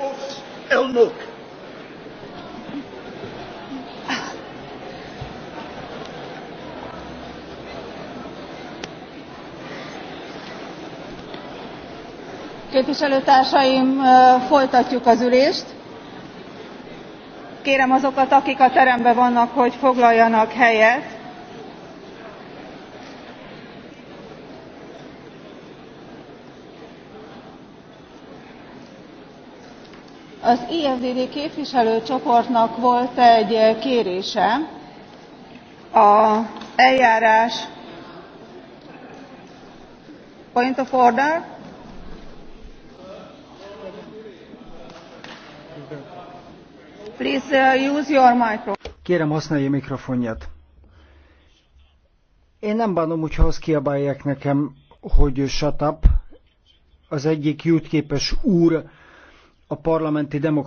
Um Os elnök. Képviselőtársaim, folytatjuk az ülést. Kérem azokat, akik a teremben vannak, hogy foglaljanak helyet. az efdd képviselőcsoportnak volt egy eh, kérése az eljárás point of order please eh, use your microphone. Kérem, használja mikrofonját. Én nem bánom, hogyha azt kiabálják nekem, hogy shut up. Az egyik jutképes úr a parlamenti demokrácia.